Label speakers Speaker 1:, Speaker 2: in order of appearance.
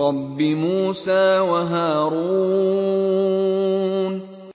Speaker 1: رب موسى وهارون